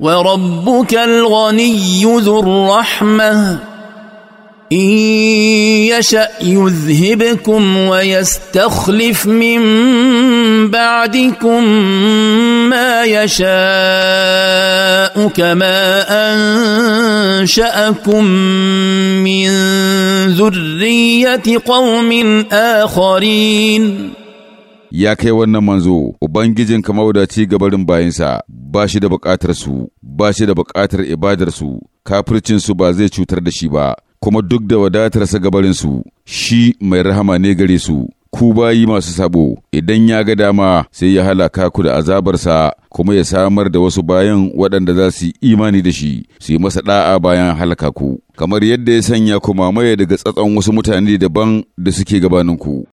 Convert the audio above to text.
وربك الغني ذو الرحمه ان يشا يذهبكم ويستخلف من بعدكم ما يشاء كما انشاكم من ذريه قوم اخرين ya kai wannan manzo Ubangijin كما mawadaci gabarin bayansa ba shi da buƙatar su ba shi da bukatar ibadarsu kafircinsu ba zai cutar da shi ba kuma duk da wadatarsa gabarinsu shi mai rahama ne gare su ku bayi masu sabo idan ya ga dama sai ya halaka ku da azabarsa kuma ya samar da wasu bayan waɗanda za su yi imani da shi su yi masa ɗa'a bayan halaka ku kamar yadda ya sanya ku mamaye daga tsatson wasu mutane daban da suke gabaninku